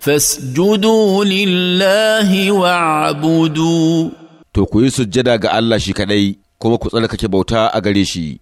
Fasjudu لله واعبدوا to ku yi sujjada ga Allah shi kaɗai kuma ku tsarkake bauta a gare shi